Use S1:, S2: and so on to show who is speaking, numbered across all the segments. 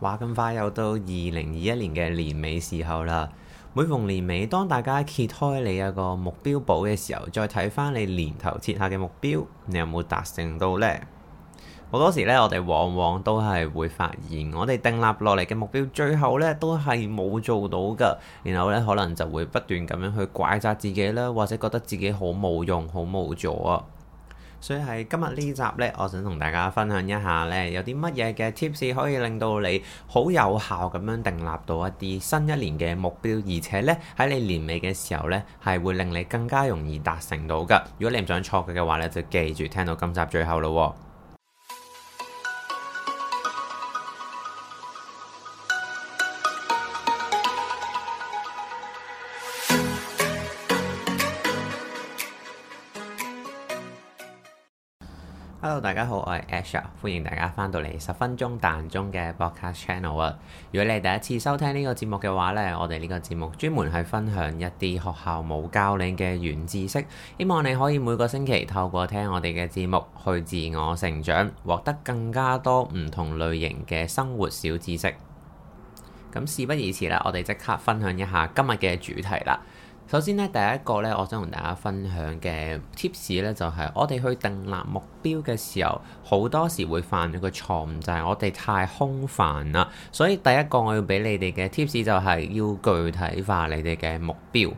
S1: 話咁快又到二零二一年嘅年尾時候啦，每逢年尾，當大家揭開你有個目標簿嘅時候，再睇翻你年頭設下嘅目標，你有冇達成到呢？好多時呢，我哋往往都係會發現，我哋訂立落嚟嘅目標，最後呢都係冇做到噶，然後呢，可能就會不斷咁樣去怪責自己啦，或者覺得自己好冇用，好無助啊。所以係今日呢集呢，我想同大家分享一下呢，有啲乜嘢嘅 tips 可以令到你好有效咁樣定立到一啲新一年嘅目標，而且呢，喺你年尾嘅時候呢，係會令你更加容易達成到嘅。如果你唔想錯過嘅話呢，就記住聽到今集最後啦喎、哦。Hello，大家好，我係 Asha，歡迎大家翻到嚟十分鐘彈鐘嘅博客 channel 啊！如果你第一次收聽呢個節目嘅話呢，我哋呢個節目專門係分享一啲學校冇教你嘅軟知識，希望你可以每個星期透過聽我哋嘅節目去自我成長，獲得更加多唔同類型嘅生活小知識。咁事不宜遲啦，我哋即刻分享一下今日嘅主題啦。首先咧，第一個咧，我想同大家分享嘅 tips 咧，就係我哋去定立目標嘅時候，好多時會犯一個錯誤，就係我哋太空泛啦。所以第一個我要俾你哋嘅 tips 就係要具體化你哋嘅目標。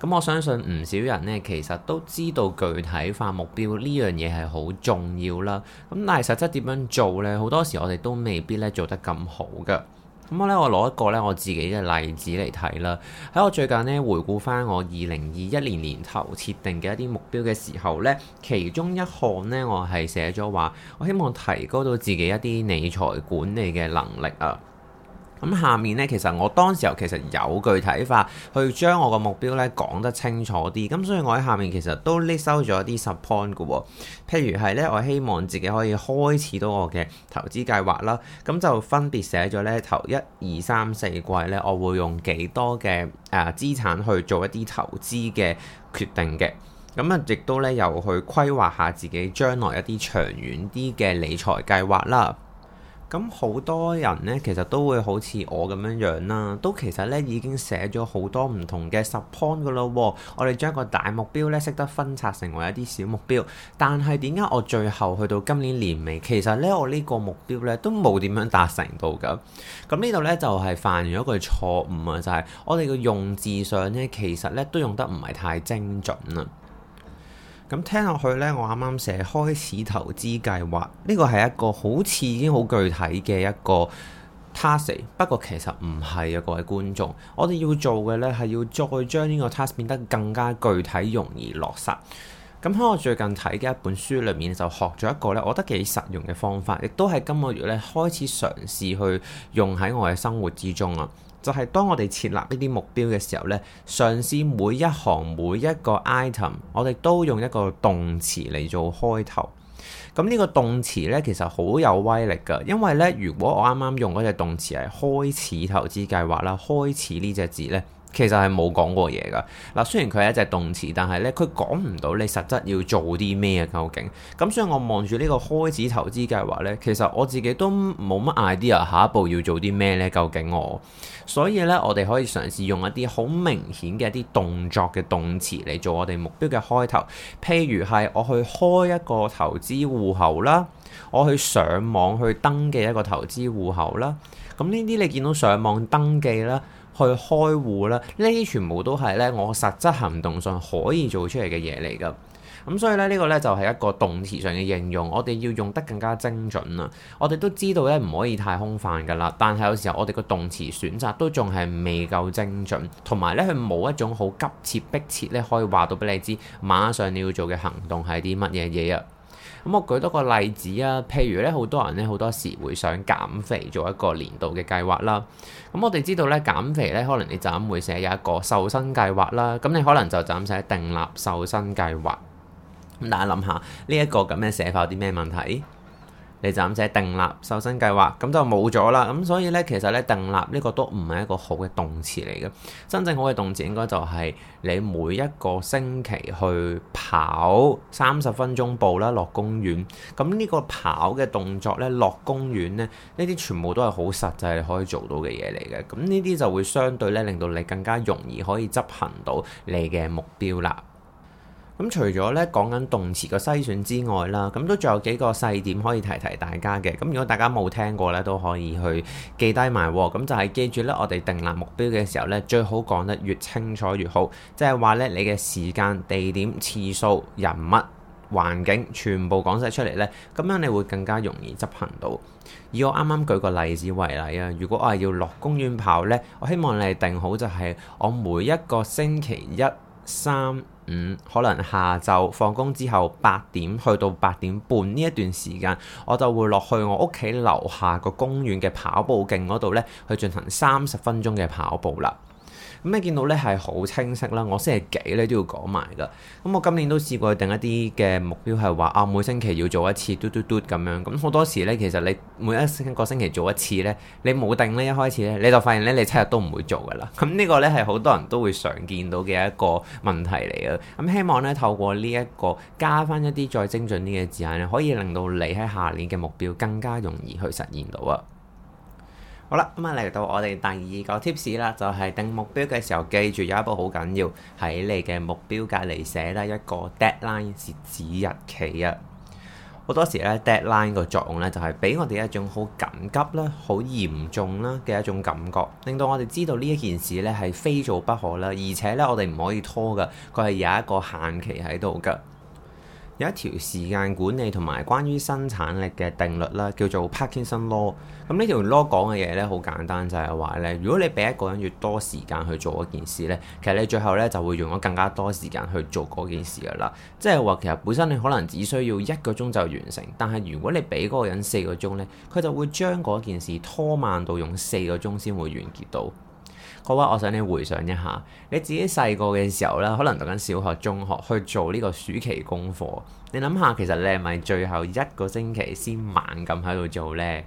S1: 咁我相信唔少人呢，其實都知道具體化目標呢樣嘢係好重要啦。咁但係實質點樣做呢？好多時我哋都未必咧做得咁好噶。咁咧，我攞一個咧我自己嘅例子嚟睇啦。喺我最近咧回顧翻我二零二一年年頭設定嘅一啲目標嘅時候咧，其中一項咧我係寫咗話，我希望提高到自己一啲理財管理嘅能力啊。咁下面呢，其實我當時候其實有具體化去將我個目標呢講得清楚啲。咁所以我喺下面其實都搦收咗啲 support 嘅喎、哦。譬如係呢，我希望自己可以開始到我嘅投資計劃啦。咁就分別寫咗呢頭一二三四季呢，我會用幾多嘅誒資產去做一啲投資嘅決定嘅。咁啊，亦都呢，又去規劃下自己將來一啲長遠啲嘅理財計劃啦。咁好多人咧，其實都會好似我咁樣樣啦，都其實咧已經寫咗好多唔同嘅 support 噶咯。我哋將個大目標咧，識得分拆成為一啲小目標，但係點解我最後去到今年年尾，其實咧我呢個目標咧都冇點樣達成到㗎。咁呢度咧就係犯咗一個錯誤啊，就係我哋嘅用字上咧，其實咧都用得唔係太精準啊。咁聽落去呢，我啱啱寫開始投資計劃呢個係一個好似已經好具體嘅一個 task，不過其實唔係啊，各位觀眾，我哋要做嘅呢係要再將呢個 task 變得更加具體，容易落實。咁喺我最近睇嘅一本書裏面就學咗一個呢我覺得幾實用嘅方法，亦都係今個月呢開始嘗試去用喺我嘅生活之中啊。就係當我哋設立呢啲目標嘅時候呢，嘗試每一行每一個 item，我哋都用一個動詞嚟做開頭。咁呢個動詞呢，其實好有威力噶，因為呢，如果我啱啱用嗰隻動詞係開始投資計劃啦，開始呢隻字呢。其實係冇講過嘢㗎。嗱，雖然佢係一隻動詞，但係咧，佢講唔到你實質要做啲咩啊？究竟咁，所以我望住呢個開始投資計劃咧，其實我自己都冇乜 idea 下一步要做啲咩咧？究竟我，所以咧，我哋可以嘗試用一啲好明顯嘅一啲動作嘅動詞嚟做我哋目標嘅開頭。譬如係我去開一個投資戶口啦，我去上網去登記一個投資戶口啦。咁呢啲你見到上網登記啦。去開戶啦，呢啲全部都係呢我實質行動上可以做出嚟嘅嘢嚟㗎。咁所以呢，呢個呢就係一個動詞上嘅應用，我哋要用得更加精準啊！我哋都知道呢，唔可以太空泛㗎啦，但係有時候我哋個動詞選擇都仲係未夠精準，同埋呢，佢冇一種好急切迫切呢，可以話到俾你知，馬上你要做嘅行動係啲乜嘢嘢啊！咁我舉多個例子啊，譬如咧，好多人咧好多時會想減肥，做一個年度嘅計劃啦。咁我哋知道咧，減肥咧可能你就咁會寫有一個瘦身計劃啦。咁你可能就就咁寫定立瘦身計劃。咁大家諗下，呢一個咁嘅寫法有啲咩問題？你就咁寫定立瘦身計劃，咁就冇咗啦。咁所以呢，其實呢定立呢個都唔係一個好嘅動詞嚟嘅。真正好嘅動詞應該就係你每一個星期去跑三十分鐘步啦，落公園。咁呢個跑嘅動作呢，落公園呢，呢啲全部都係好實際可以做到嘅嘢嚟嘅。咁呢啲就會相對呢，令到你更加容易可以執行到你嘅目標啦。咁除咗咧講緊動詞個篩選之外啦，咁都仲有幾個細點可以提提大家嘅。咁如果大家冇聽過咧，都可以去記低埋。咁就係記住咧，我哋定立目標嘅時候咧，最好講得越清楚越好。即係話咧，你嘅時間、地點、次數、人物、環境，全部講晒出嚟咧，咁樣你會更加容易執行到。以我啱啱舉個例子為例啊，如果我係要落公園跑咧，我希望你係定好就係我每一個星期一三。嗯，可能下晝放工之後八點去到八點半呢一段時間，我就會落去我屋企樓下個公園嘅跑步徑嗰度咧，去進行三十分鐘嘅跑步啦。咁你見到咧係好清晰啦，我星期幾咧都要講埋噶。咁我今年都試過定一啲嘅目標係話啊，每星期要做一次嘟嘟嘟咁樣。咁好多時咧，其實你每一星個星期做一次咧，你冇定呢一開始咧，你就發現咧你七日都唔會做噶啦。咁呢個咧係好多人都會常見到嘅一個問題嚟啊。咁希望咧透過呢、這個、一個加翻一啲再精準啲嘅字眼咧，可以令到你喺下年嘅目標更加容易去實現到啊。好啦，咁啊嚟到我哋第二個 tips 啦，就係定目標嘅時候，記住有一步好緊要，喺你嘅目標隔籬寫啦一個 deadline 截止日期啊！好多時咧 deadline 個作用咧，就係俾我哋一種好緊急啦、好嚴重啦嘅一種感覺，令到我哋知道呢一件事咧係非做不可啦，而且咧我哋唔可以拖噶，佢係有一個限期喺度噶。有一條時間管理同埋關於生產力嘅定律啦，叫做 Parkinson Law。咁呢條 law 講嘅嘢咧，好簡單，就係話咧，如果你俾一個人越多時間去做一件事咧，其實你最後咧就會用咗更加多時間去做嗰件事噶啦。即係話其實本身你可能只需要一個鐘就完成，但係如果你俾嗰個人四個鐘咧，佢就會將嗰件事拖慢到用四個鐘先會完結到。好啊，我想你回想一下，你自己細個嘅時候咧，可能讀緊小學、中學去做呢個暑期功課。你諗下，其實你係咪最後一個星期先猛咁喺度做呢？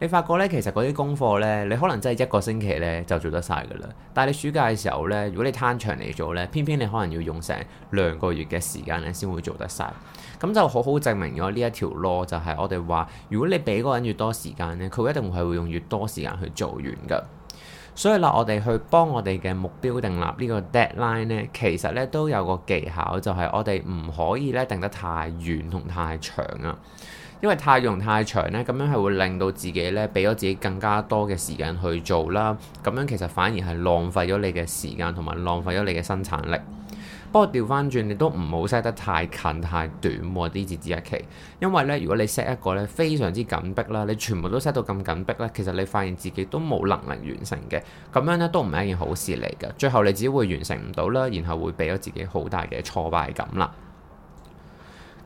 S1: 你發覺呢，其實嗰啲功課呢，你可能真係一個星期呢就做得晒噶啦。但係你暑假嘅時候呢，如果你攤長嚟做呢，偏偏你可能要用成兩個月嘅時間呢先會做得晒。咁就好好證明咗呢一條 law 就係我哋話，如果你俾嗰個人越多時間呢，佢一定係會用越多時間去做完噶。所以啦，我哋去幫我哋嘅目標定立呢個 deadline 呢，其實咧都有個技巧，就係我哋唔可以咧定得太遠同太長啊，因為太用太長呢，咁樣係會令到自己咧俾咗自己更加多嘅時間去做啦，咁樣其實反而係浪費咗你嘅時間同埋浪費咗你嘅生產力。不過調翻轉，你都唔好 set 得太近太短啲截止日期，因為咧，如果你 set 一個咧非常之緊迫啦，你全部都 set 到咁緊迫咧，其實你發現自己都冇能力完成嘅，咁樣咧都唔係一件好事嚟嘅，最後你只會完成唔到啦，然後會俾咗自己好大嘅挫敗感啦。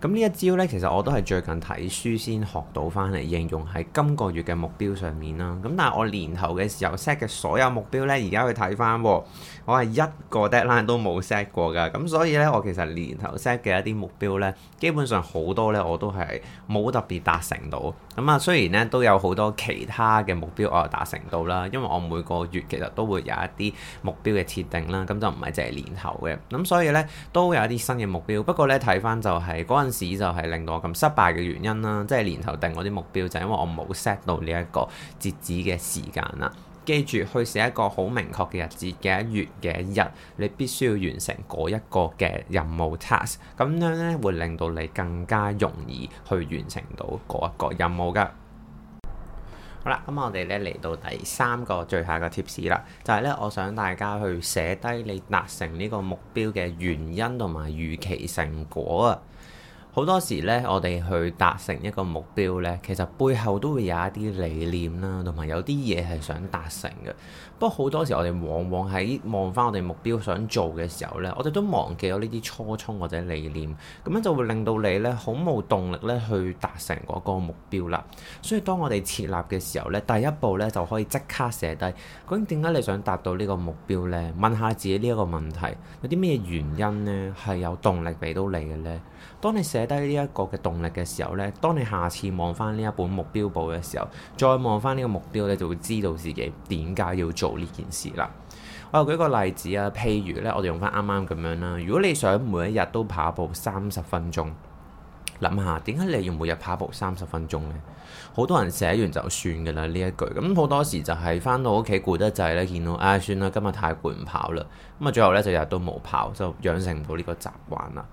S1: 咁呢一招呢，其實我都係最近睇書先學到翻嚟，應用喺今個月嘅目標上面啦。咁但係我年頭嘅時候 set 嘅所有目標呢，而家去睇翻，我係一個 deadline 都冇 set 過噶。咁所以呢，我其實年頭 set 嘅一啲目標呢，基本上好多呢我都係冇特別達成到。咁啊，雖然咧都有好多其他嘅目標我又達成到啦，因為我每個月其實都會有一啲目標嘅設定啦，咁就唔係淨係年頭嘅，咁所以咧都有一啲新嘅目標。不過咧睇翻就係嗰陣時就係令到我咁失敗嘅原因啦，即係年頭定我啲目標就係因為我冇 set 到呢一個截止嘅時間啦。記住去寫一個好明確嘅日子，幾多月幾多日，你必須要完成嗰一個嘅任務 task，咁樣咧會令到你更加容易去完成到嗰一個任務噶。好啦，咁我哋咧嚟到第三個最下嘅 tips 啦，就係咧我想大家去寫低你達成呢個目標嘅原因同埋預期成果啊。好多時咧，我哋去達成一個目標咧，其實背後都會有一啲理念啦，同埋有啲嘢係想達成嘅。不過好多時，我哋往往喺望翻我哋目標想做嘅時候咧，我哋都忘記咗呢啲初衷或者理念，咁樣就會令到你咧好冇動力咧去達成嗰個目標啦。所以當我哋設立嘅時候咧，第一步咧就可以即刻寫低究竟點解你想達到呢個目標咧？問下自己呢一個問題，有啲咩原因咧係有動力俾到你嘅咧？當你寫低呢一個嘅動力嘅時候呢，當你下次望翻呢一本目標簿嘅時候，再望翻呢個目標呢，就會知道自己點解要做呢件事啦。我又舉個例子啊，譬如呢，我哋用翻啱啱咁樣啦。如果你想每一日都跑步三十分鐘，諗下點解你要每日跑步三十分鐘呢？好多人寫完就算㗎啦呢一句，咁好多時就係翻到屋企攰得滯呢，見到唉、哎、算啦，今日太攰唔跑啦，咁啊最後呢，就日都冇跑，就養成唔到呢個習慣啦。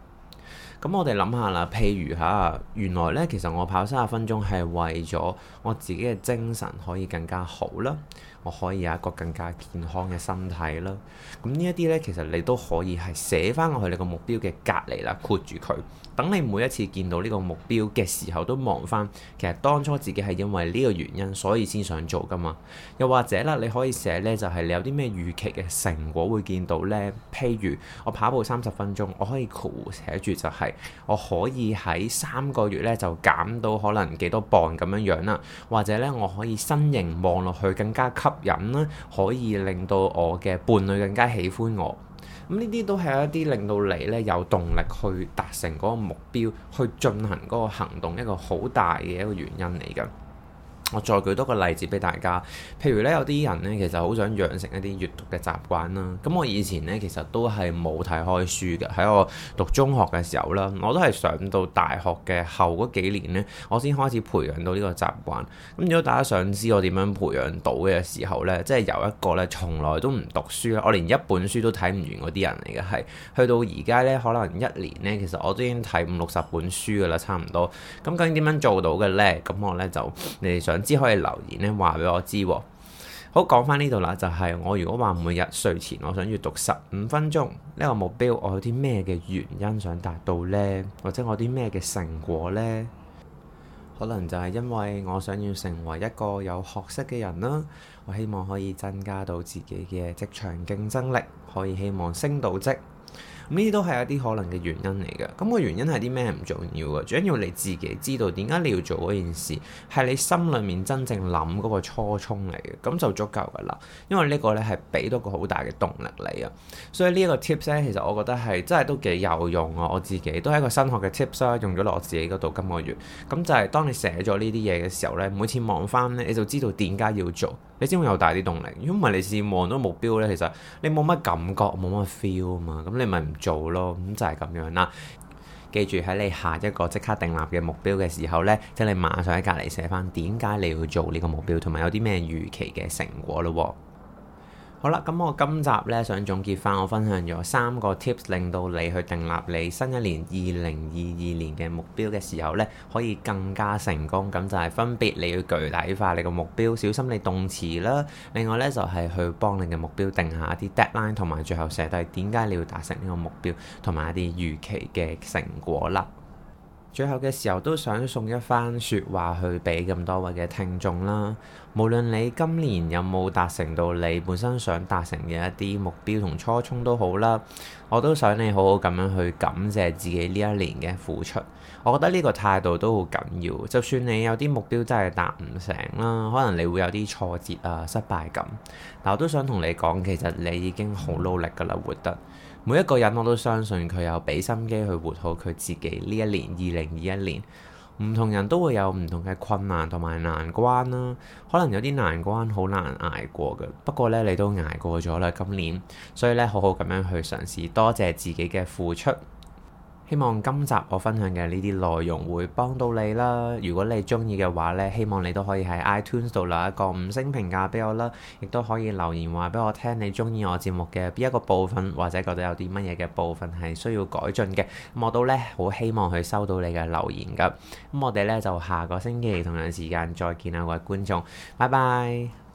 S1: 咁我哋諗下啦，譬如吓，原來呢，其實我跑三十分鐘係為咗我自己嘅精神可以更加好啦。我可以有一個更加健康嘅身體啦。咁呢一啲呢，其實你都可以係寫翻我去你個目標嘅隔離啦，括住佢。等你每一次見到呢個目標嘅時候都看看，都望翻其實當初自己係因為呢個原因所以先想做噶嘛。又或者啦，你可以寫呢，就係、是、你有啲咩預期嘅成果會見到呢？譬如我跑步三十分鐘，我可以括寫住就係、是、我可以喺三個月呢，就減到可能幾多磅咁樣樣啦。或者呢，我可以身形望落去更加吸吸引咧，可以令到我嘅伴侶更加喜歡我。咁呢啲都係一啲令到你咧有動力去達成嗰個目標，去進行嗰個行動一個好大嘅一個原因嚟㗎。我再舉多個例子俾大家，譬如咧有啲人咧其實好想養成一啲閱讀嘅習慣啦。咁我以前咧其實都係冇睇開書嘅，喺我讀中學嘅時候啦，我都係上到大學嘅後嗰幾年咧，我先開始培養到呢個習慣。咁如果大家想知我點樣培養到嘅時候呢，即係由一個咧從來都唔讀書，我連一本書都睇唔完嗰啲人嚟嘅，係去到而家呢，可能一年呢，其實我都已經睇五六十本書㗎啦，差唔多。咁究竟點樣做到嘅呢？咁我呢，就你哋想。唔知可以留言呢話俾我知。好，講翻呢度啦，就係、是、我如果話每日睡前，我想要閱讀十五分鐘呢，這個目標，我有啲咩嘅原因想達到呢？或者我啲咩嘅成果呢？可能就係因為我想要成為一個有學識嘅人啦，我希望可以增加到自己嘅職場競爭力，可以希望升到職。呢啲都係一啲可能嘅原因嚟嘅，咁個原因係啲咩唔重要嘅，最緊要你自己知道點解你要做嗰件事，係你心裏面真正諗嗰個初衷嚟嘅，咁就足夠㗎啦。因為呢個呢係俾到個好大嘅動力你啊，所以呢一個 tips 其實我覺得係真係都幾有用啊！我自己都係一個新學嘅 tips 啊，用咗落我自己嗰度今個月。咁就係當你寫咗呢啲嘢嘅時候呢，每次望翻呢，你就知道點解要做。你先會有大啲動力，如果唔係你試望到目標呢，其實你冇乜感覺，冇乜 feel 啊嘛，咁你咪唔做咯，咁就係咁樣啦。記住喺你下一個即刻定立嘅目標嘅時候呢，即係你馬上喺隔離寫翻點解你要做呢個目標，同埋有啲咩預期嘅成果咯喎。好啦，咁我今集咧想總結翻，我分享咗三個 tips，令到你去定立你新一年二零二二年嘅目標嘅時候咧，可以更加成功。咁就係分別你要具體化你個目標，小心你動詞啦。另外咧就係去幫你嘅目標定下一啲 deadline，同埋最後寫低點解你要達成呢個目標，同埋一啲預期嘅成果啦。最後嘅時候都想送一番說話去俾咁多位嘅聽眾啦。無論你今年有冇達成到你本身想達成嘅一啲目標同初衷都好啦，我都想你好好咁樣去感謝自己呢一年嘅付出。我覺得呢個態度都好緊要。就算你有啲目標真係達唔成啦，可能你會有啲挫折啊、失敗感，但我都想同你講，其實你已經好努力噶啦，活得。每一個人我都相信佢有俾心機去活好佢自己，呢一年、二零二一年，唔同人都會有唔同嘅困難同埋難關啦、啊。可能有啲難關好難捱過嘅，不過呢，你都捱過咗啦，今年，所以呢，好好咁樣去嘗試，多謝自己嘅付出。希望今集我分享嘅呢啲內容會幫到你啦。如果你中意嘅話呢，希望你都可以喺 iTunes 度留一個五星評價俾我啦。亦都可以留言話俾我聽，你中意我節目嘅邊一個部分，或者覺得有啲乜嘢嘅部分係需要改進嘅。咁我都呢，好希望去收到你嘅留言噶。咁我哋呢，就下個星期同樣時間再見啊，各位觀眾，拜拜。